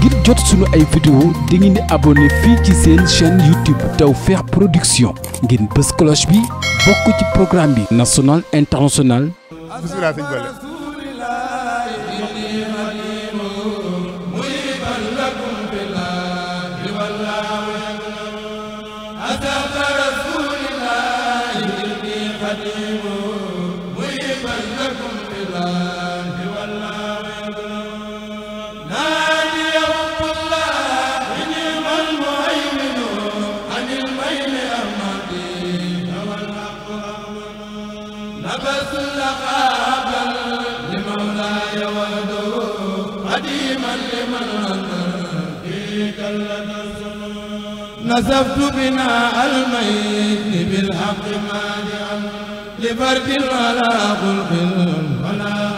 ngir jot sunu ay vidéo di ngeen di fii ci seen chaîne YouTube Tawfekh Production ngeen bës cloche bi bokk ci programme bi national international bismillah sëñ Balla muy خسفت بناء الميت بالحق مانعا لفرد ولا خلق ولا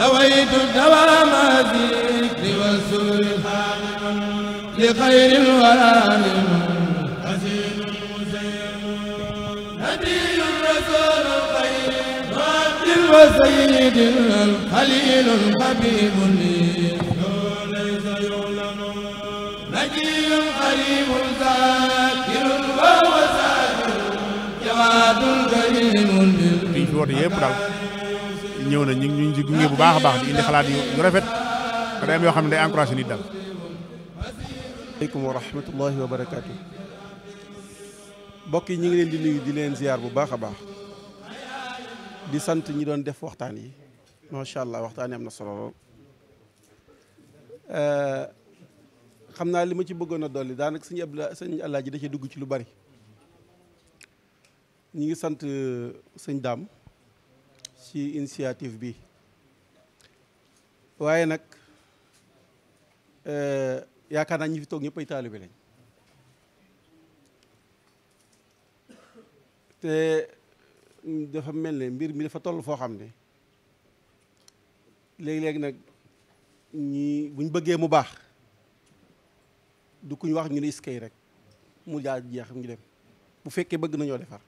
نويت دوام الذكر والسر خالقا لخير الورى لمن حسين المزين نبي رسول خير عبد وسيد خليل حبيب لي liñ fi woote yëpp daal ñëw na ñu ngi ñu gunge bu baax a baax di indi xalaat yu rafet te day am yoo xam ne day encouragé nit daal. aleykum wa rahmatullahi mbokk yi ñu ngi leen di di leen ziar bu baax a baax. di sant ñi doon def waxtaan yi macha allah waxtaan yi am na solo xam naa li ma ci bëggoon a dolli daanaka sëñ Abdoulaye sëñ Alaaji da ci dugg ci lu bari ñu ngi sant euh, sëñ daam ci initiative bi waaye nag euh, yaakaar naa ñi fi toog ñëpp ay lañ te dafa mel ne mbir mi dafa toll foo xam ne léegi-léegi nag ñi buñ bëggee mu baax du ku ñu wax ñu ne iskay rek mu jaar jeex am ngi dem bu fekkee bëgg nañoo defar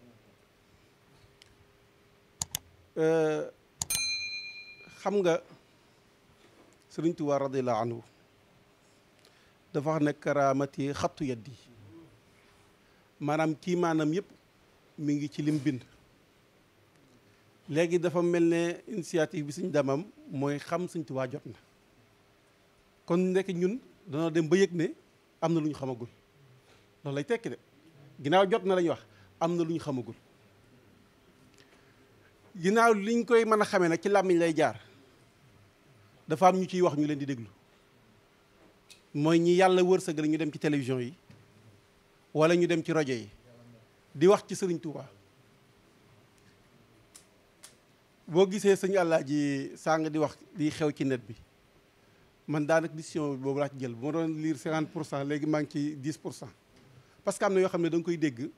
euh, xam nga Sëriñ Tuubaa radiyallaahu anhu dafa wax ne karaamati xattu yaddi maanaam kii maanaam yëpp mi ngi ci lim bind léegi dafa mel ne initiative bi suñ demam mooy xam Sëriñ Tuubaa jot na kon nekk ñun danoo dem ba yëg ne am na lu ñu xamagul loolu lay tekki de ginnaaw jot na la wax am na lu ñu xamagul ginnaaw liñ koy mën a xamee nag ci làmmiñ lay jaar dafa am ñu ciy wax ñu leen di déglu mooy ñi yàlla wërsëgal ñu dem ci télévision yi walla ñu dem ci rajo yi di wax ci sëriñ Touba boo gisee sëñ Alaaji Sàng di wax di xew ci net bi man daanaka décision boobu laa ci jël bu ma doon lire 50 pour cent léegi maa ngi ci 10 pour cent parce am na yoo xam ne da koy dégg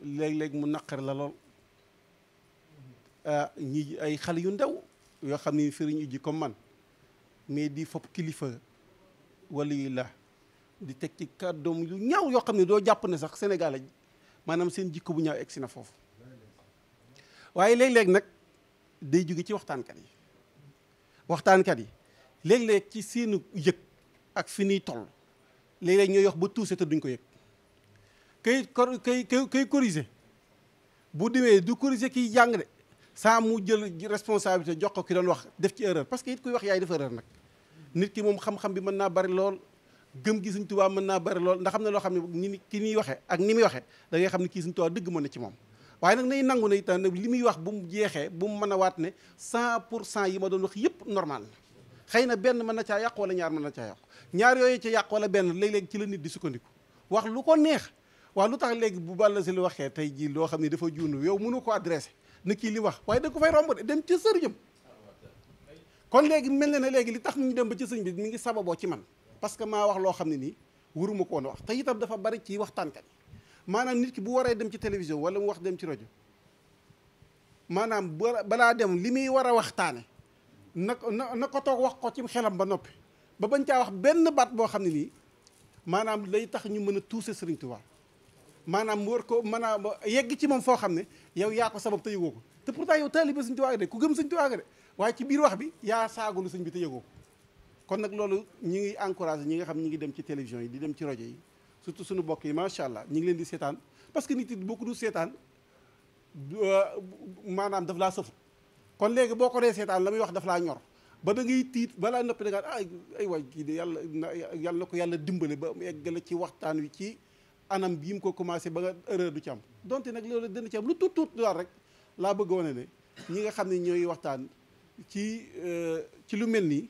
léeg-léeg mu naqar la lool ah, ñi ay xale yu ndaw yoo xam ne firiñ ijji comme man mais di fopp kilifa wala yi la di teg ci kàddoom yu ñaaw yoo xam ne doo jàpp ne sax Sénégal maanaam seen jikko bu ñaaw egg si na foofu waaye léeg-léeg nag day jóge ci waxtaankat yi waxtaankat yi léegi léeg ci siinu yëg ak fi ñuy toll léeg-léeg ñooy yox ba tuuse te duñ ko yëg kay kay kay corriger bu demee du corriger kiy jàng de saa mu jël responsabilité jox ko ki doon wax def ci erreur parce que it kuy wax yaay def erreur nag nit ki moom xam-xam bi mën naa bari lool gëm gi Sëñ Tuubaa mën naa bari lool ndax xam ne loo xam ne ni ki ñuy waxe ak ni muy waxe da ngay xam ne kii Sëñ Tuubaa dëgg mën na ci moom waaye nag nay nangu ne itam li muy wax bu mu jeexee bu mu mën a waat ne cent pour cent yi ma doon wax yëpp normal na xëy na benn mën na caa yàqu wala ñaar mën na caa yàqu ñaar yooyu ci yàqu wala benn léeg-léeg ci la nit di sukkandiku wax lu ko neex waaw lu tax léegi bu Balla Sylla waxee tey jii loo xam ne dafa juunu yow mënu ko adressé na kii li wax waaye da ko fay romb de dem ci sëriñam kon léegi mel na ne léegi li tax ñu dem ba ci sëñ bi mu ngi sababoo ci man parce que maa wax loo xam ne nii waruma koo na wax te itam dafa bari ci waxtaankat maanaam nit ki bu waree dem ci télévision wala mu wax dem ci rajo maanaam balaa dem li muy war a waxtaane nak na na ko toog wax ko ci xelam ba noppi ba bañ caa wax benn baat boo xam ne nii maanaam day tax ñu mën a tuuse Sëriñ Tuubaa maanaam mu war ko maanaam yegg ci moom foo xam ne yow yaa ko sabab te yëgoo ko te pourtant yow taalibe Sëriñ Tuubaa de ku gëm Sëriñ Tuubaa de waaye ci biir wax bi yaa saagalu sëñ bi te yëgoo ko kon nag loolu ñi ngi encouragé ñi nga xam ñi ngi dem ci télévision yi di dem ci rajo yi surtout suñu bokk yi macha allah ñi ngi leen di seetaan parce que nit yi boo ko du seetaan euh, maanaam daf laa sëfut kon léegi boo ko dee seetaan la muy wax dafa laa ñor ba da ngay tiit balaa noppi da nga ay ay waay kii de yàlla yàlla na ko yàlla dimbale ba mu eggale ci waxtaan wi ci anam bii mu ko commencé ba nga erreur du ci am donte nag loolu dina ci am lu tuut tuut rek laa bëgg wane ne ñi nga xam ne ñooy waxtaan ci euh, ci lu mel nii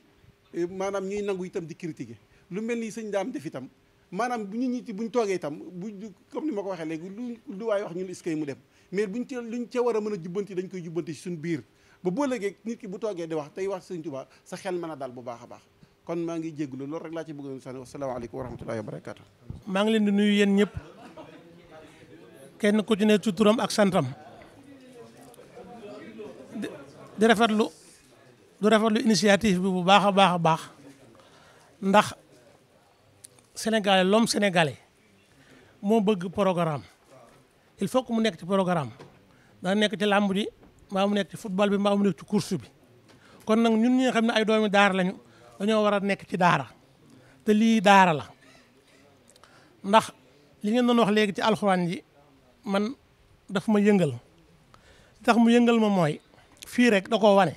maanaam ñuy nangu itam di critiquer lu mel nii sëñ daam def itam maanaam bu ñu ñit ñu toogee itam bu comme ni ma ko waxee léegi lu lu waaye wax ñun iskay mu dem mais buñ ci luñ ca war a mën a jubbanti dañ koy jubbanti ci suñu biir ba boo léegi nit ki bu toogee di wax tey wax sëñ Tuubaa sa xel mën a dal bu baax a baax kon maa ngi jégalu loolu rek laa ci bëggoon sànni wasalaamaaleykum wa rahmatullahi wa barakaatu. maa ngi leen di nuyu yéen ñëpp kenn ku ci ne ci turam ak santam di lu du di lu initiative bi bu baax a baax a baax ndax sénégalais lom sénégalais moo bëgg programme il faut que mu nekk ci programme dana nekk ci làmb ji. mbaa mu nekk ci football bi mbaa mu nekk ci course bi kon nag ñun ñi xam ne ay doomi daara lañu dañoo war a nekk ci daara te lii daara la ndax li ngeen doon wax léegi ci alxuraan ji man daf ma yëngël tax mu yëngal ma mooy fii rek da koo wane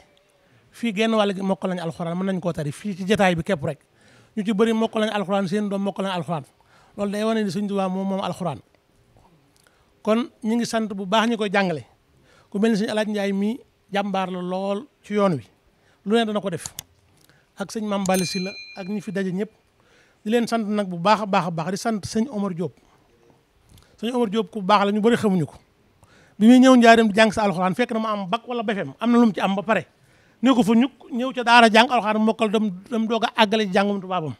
fii genn wàll gi mokk lañ alxuraan mën nañ koo tari fii ci jataay bi képp rek ñu ci bëri mokk lañ alxuraan seen doom mokk lañ alxuraan loolu day wane ni Sëñ Tuubaa moom moom alxuraan kon ñu ngi sant bu baax ñi koy jàngale ku mel ni sëñ alaaj njaay mii jàmbaar la lool ci yoon wi lu ne dana ko def ak sëñ Mame Balla Sylla ak ñi fi daje ñëpp di leen sant nag bu baax a baax baax di sant sëñ Omar Diop sëñ Omar Diop ku baax la ñu bari xamuñu ko bi muy ñëw njaareem di jàng sa fekk na ma am bac wala befem am na lu mu ci am ba pare ne ko ñëw ca daara jàng alxuraan mokkal dem dem doog àggale ci tubaabam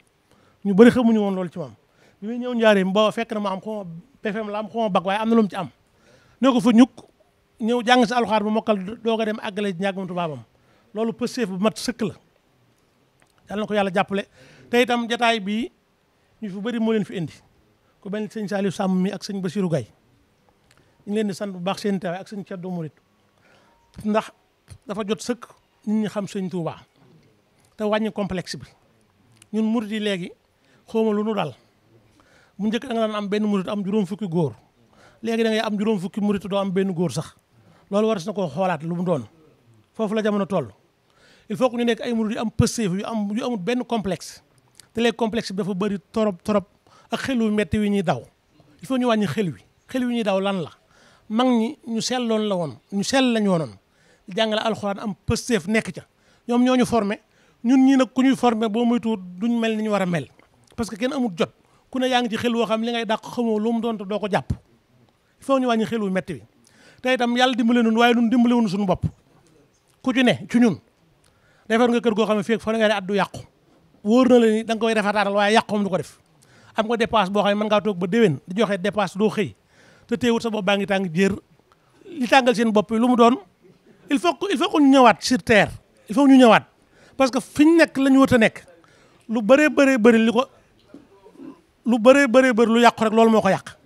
ñu bëri xamuñu woon loolu ci moom bi ñëw njaareem boo fekk na ma am xaw ma befem la am xaw ma waaye am na lu ci am ne ko fa ñukk ñëw jàng si alxaar bu mokkal doo a dem àggale ji tu tubaabam loolu pësteef bu mat sëkk la yàlla na ko yàlla jàppale tey itam jataay bii ñu fi bëri moo leen fi indi ku mel sëñ Saliou sàmm mii ak sëñ Bassirou Gaye ñu leen di sant bu baax seen teewaay ak sëñ Thierno Mouride ndax dafa jot sëkk nit ñi xam sëñ Touba te wàññi complexe bi ñun murid yi léegi xawma lu nu dal mu njëkk da nga daan am benn murid am juróom fukki góor léegi da ngay am juróom fukki murid doo benn góor sax loolu war na koo xoolaat lu mu doon foofu la jamono toll il faut que ñu nekk ay murid yu am pësteef yu am yu amut benn complexe te léegi bi dafa bëri torop torop ak xel wu metti wi ñuy daw il faut ñu wàññi xel wi xel wi ñuy daw lan la mag ñi ñu selloon la woon ñu sell lañu woonoon jàngale alxuraan am pësteef nekk ca ñoom ñoo ñu formé ñun ñii nag ku ñuy formé boo muy tuut mel ni ñu war a mel parce que kenn amul jot ku ne yaa ngi ci xel woo xam li ngay dàq xamoo lu mu doon te doo ko jàpp il faut ñu wàññi xelu wu metti wi tey itam yàlla dimbale nun waaye nun dimbale wuñu suñu bopp ku ci ne ci ñun defar nga kër goo xam ne fii ak fanweeri at du yàqu wóor na leen ni danga koy defataatal waaye yàq moom du ko def am nga dépasse boo xam ne mën ngaa toog ba déwén di joxee dépasse doo xëy te teewut sa bopp baa ngi tàng jéer li tàngal seen bopp lu mu doon il faut il faut que ñu ñëwaat sur terre il faut ñu ñëwaat parce que fi ñu nekk la ñu war a nekk lu bëree bëree bëri li ko lu bëree bëree bëri lu yàqu rek loolu moo ko yàq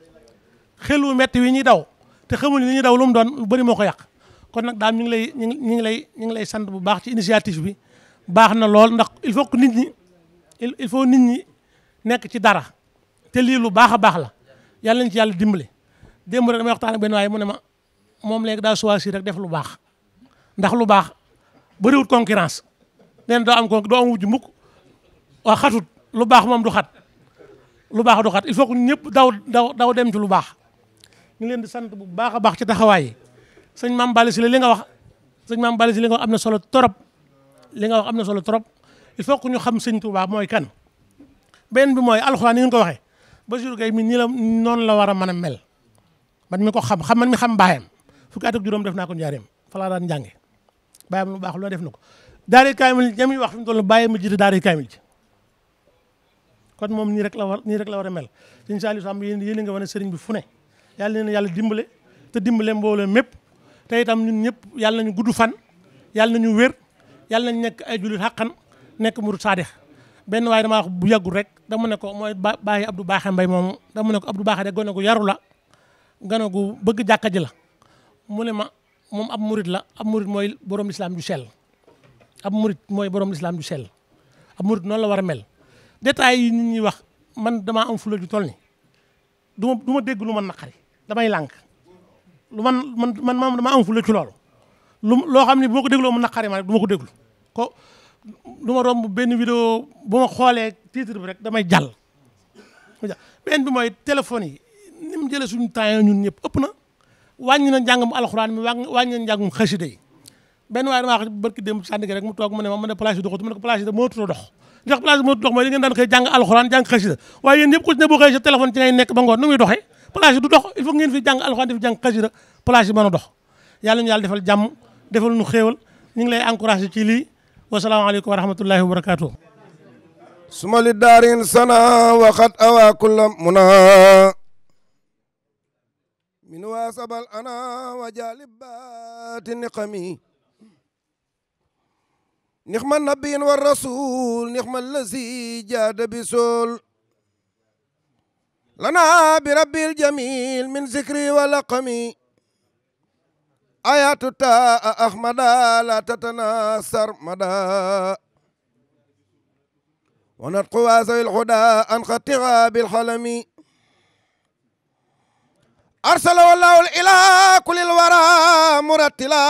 xel wu metti ñuy daw te xamul ni ñu daw lu mu doon lu bëri moo ko yàq kon nag daam ñu ngi lay ñu ñu ngi lay ñu ngi lay sant bu baax ci initiative bi baax na lool ndax il faut nit ñi il faut nit ñi nekk ci dara te lii lu baax a baax la yàlla nañ ci yàlla dimbale démb rek damay waxtaan ak benn waaye mu ne ma moom léegi daa choisir rek def lu baax ndax lu baax bëriwul concurrence nee na doo am doo am wujj mukk waa xatut lu baax moom du xat lu baax du xat il faut ñëpp daw daw daw dem ci lu baax ñu leen di sant bu baax a baax ci taxawaay sëñ maam Balla Sylla li nga wax sëñ maam Balla Sylla li nga am na solo trop li nga wax am na solo trop il faut que ñu xam sëñ Touba mooy kan. benn bi mooy alxuraan ni ngeen ko waxee Bassirou Gueye mi nii la noonu la war a mën a mel man mi ko xam xam man mi xam baayam fukki at ak juróom def naa ko njaareem fa laa daan njànge baayam lu baax loo def na ko. daari kaamil ña muy wax fi mu toll bàyyi ma jiite daari kaamil ji kon moom nii rek la nii rek la war a mel sëñ Saliou Samb yéen yéen nga wane sëriñ bi fu ne. yàlla na yàlla dimbale te dimbale mbooloo mépp te itam ñun ñëpp yàlla nañu gudd fan yàlla nañu wér yàlla nañu nekk ay jullit xàqan nekk murid saadix benn waaye dama wax bu yàggul rek dama ne ko mooy bàyyi Abdou Baaxe Mbay moomu dama ne ko Abdou Baaxe de gone gu yaru la gone bëgg jàkka la mu ne ma moom ab murid la ab murid mooy borom lislaam ju sell ab murid mooy borom lislaam ju sell ab murid noon la war a mel détails yi nit ñuy wax man damaa am fula ju toll ni du ma du ma dégg lu ma naqari damay lànk lu man man man man dama am fulla ci loolu lu loo xam ne bu ma ko dégloo mu naqari ma rek du ma ko déglu ko du ma romb benn vidéo bu ma xoolee titre bi rek damay jàll benn bi mooy téléphone yi ni mu jëlee suñu temps ñun ñëpp ëpp na wàññi mi wàññi na njàngum yi benn waaye damaa wax barki démb sànni rek mu toog mu ne ma place yi doxatu ma place yi mooy da ngeen daan koy jàng alxuraan jàng xasida waaye téléphone ci ngay nekk ba ngoon plage du dox il faut ngeen fi jàng alxuraan def jàng xasida plage yi mën dox yàlla ñu defal jàmm defal nu xéewal ñu ngi lay encouragé ci lii wasalaamaaleykum wa wa barakaatu suma li daarin sana waxat awa kulla muna min waasabal ana wa jalibaati niqami nixma nabiyin wa rasul nixma lazi jaada bi lana bi rabbil jamil min zikri wa laqami ayatu ta ahmada la tatanasar mada wa natqu waasawil huda an xatiha bil xalami arsala wallahu ila kulil wara murattila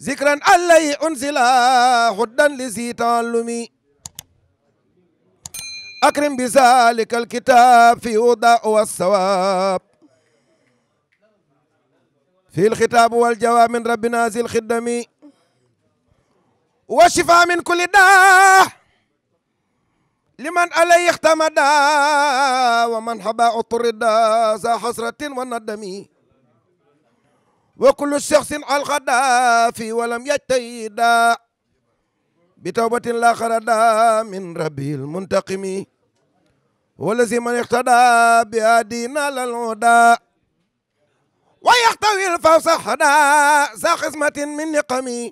zikran allahi unzila huddan li zi taallumi أكرم بذلك الكتاب في وضع والثواب في الخطاب والجواب من ربنا ذي الخدم والشفاء من كل داء لمن عليه اختمد ومن حبى اضطر ذا حسرة والندم وكل شخص على الغدا في ولم يجتهد بتوبة لا خرج من ربه المنتقم والذي من اقتدى بهدينا للهدى ويحتوي الفوز حدا ذا قسمة من نقم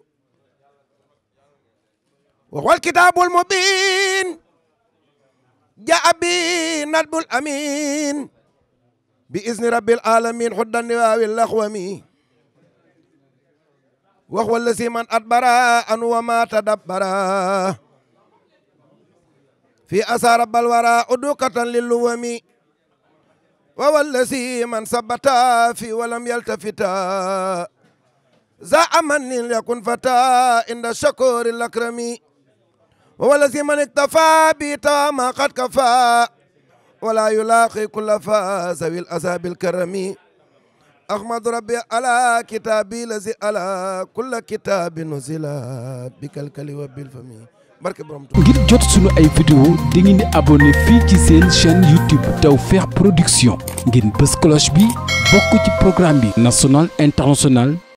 وهو الكتاب المبين جاء به ندب الأمين بإذن رب العالمين حدا النواوي الأخومي wax wala si man adbara anu wa ma tadabbara fi asara balwara udukatan lilluwami wa wala si man sabata fi walam yaltafita za aman lin yakun fata inda shakuri lakrami wa wala si man iktafa bi tama qad kafa wala yulaqi kulla fa zawil azabil karami ahmadu ala kitaabi lazi ala kulla kitaabi nuzila bi kalkali wa bil fami barke borom ngir jot sunu ay vidéo di ngeen di fii ci seen chaîne YouTube Tawfekh Production ngir bës cloche bi bokk ci programme bi national international